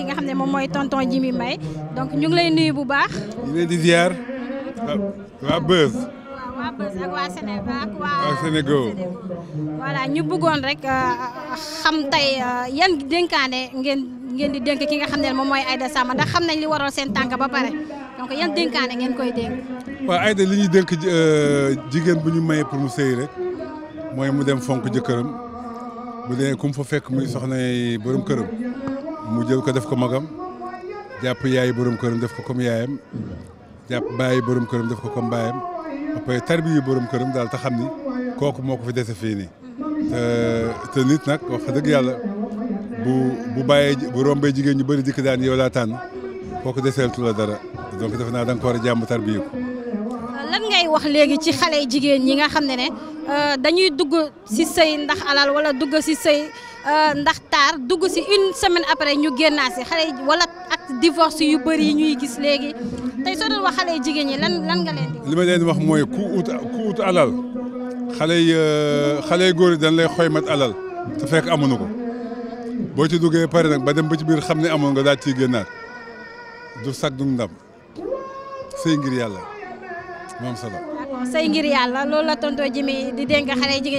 ki nga xam ne moom mooy tonton Jimi Mbaye donc ñu ngi lay nuyu bu baax. ñu ngi leen di ziar. waa Beuz. waa Beuz ak waa Sénégal ak waa Sénégal. voilà ñu bëggoon rek euh, xam tey euh, yan dénkaane ngeen ngeen di dénk ki nga xam ne moom mooy Aïda Samb ndax xam nañ li waroon seen tànk ba pare donc yan dénkaane ngeen koy dénk. waaw Aïda li ñuy dénk euh, jigéen bu ñu mayee pour mu sëy rek mooy mu dem fonk jëkkëram bu dee ku mu fa fekk muy soxnay borom këram. mu jël ko def ko magam jàpp yaayi borom këram def ko comme yaayam jàpp bàyyi borom këram def ko comme bàyyam après tarbi yu borom këram daal te xam ni kooku moo ko fi dese fii nii te te nit nag wax dëgg yàlla bu bu bàyyee bu rombee jigéen ñu bëri dikk daan yow laa tànn kooku deseeltu la dara donc naa da nga ko war a jàmm tarbi ko lan ngay wax léegi ci xale jigéen ñi nga xam ne ne euh, dañuy dugg si sëy ndax alal wala dugg si sëy Euh, ndax taar dugg si une semaine après ñu génnaa si xale wala ak divorce yu bari yi ñuy gis léegi tey soo doon wax xale jigéen ñi lan lan nga leen di. ma leen wax mooy ku ut alal xale yi euh, xale yu góor yi dañ lay xoymat alal te fekk amuñu ko boo ci duggee pare nag ba dem ba ci biir xam ne amoon nga daal ciy génnaat du sag du ndam sëy ngir yàlla maam salaam. sëy ngir yàlla loolu la tonton Jimi di dénk xale jigéen